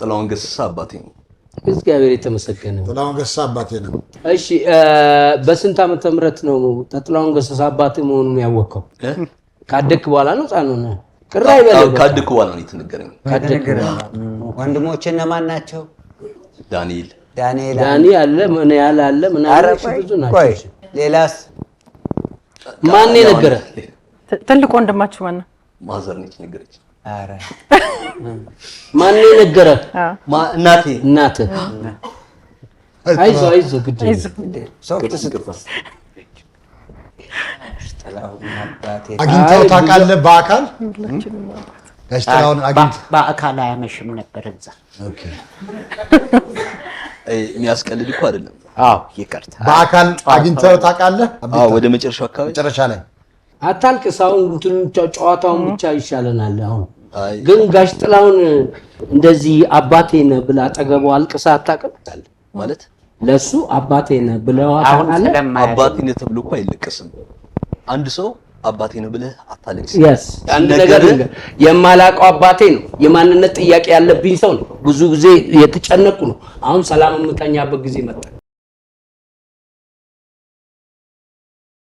ጥላሁን ገሰሰ አባቴ ነው። እግዚአብሔር የተመሰገነ ጥላሁን ገሰሰ አባቴ ነው። እሺ፣ በስንት ዓመተ ምህረት ነው ጥላሁን ገሰሰ አባቴ መሆኑን ያወቀው? ካደግክ በኋላ ነው ጻኑ ነው ቅራ ይበለው። ካደግክ በኋላ ነው የተነገረኝ። ወንድሞቼ እነማን ናቸው? ዳንኤል ዳንኤል ዳኒ አለ ምን ያህል አለ ምን አለ ብዙ ናቸው። ሌላስ ማን ነገረ? ትልቅ ወንድማችሁ ማን ነው? ማዘር ነች ነገረች። ኧረ ማነው የነገረህ? እናትህ እናትህ። አይዞህ አይዞ፣ ግድ አግኝተኸው ታውቃለህ? በአካል ጋሽ ጥላሁን አግኝተህ በአካል አያመሽም ነበር እዛ። የሚያስቀልድ እኮ አይደለም። አዎ ይቅርታ። በአካል ታውቃለህ? ወደ መጨረሻው አካባቢ መጨረሻ ላይ አታልቅስ። አሁን ጨዋታውን ብቻ ይሻለናል አሁን ግን ጋሽ ጥላሁን እንደዚህ አባቴ ነህ ብላ አጠገቡ አልቅሳ አታውቅም ማለት ለሱ አባቴ ነህ ብለው አባቴ ነህ ተብሎ እኮ አይለቀስም። አንድ ሰው አባቴ ነው ብለህ አታለቅስም። አንድ ነገር የማላውቀው አባቴ ነው፣ የማንነት ጥያቄ ያለብኝ ሰው ነው፣ ብዙ ጊዜ የተጨነቁ ነው። አሁን ሰላም የምተኛበት ጊዜ መጣ።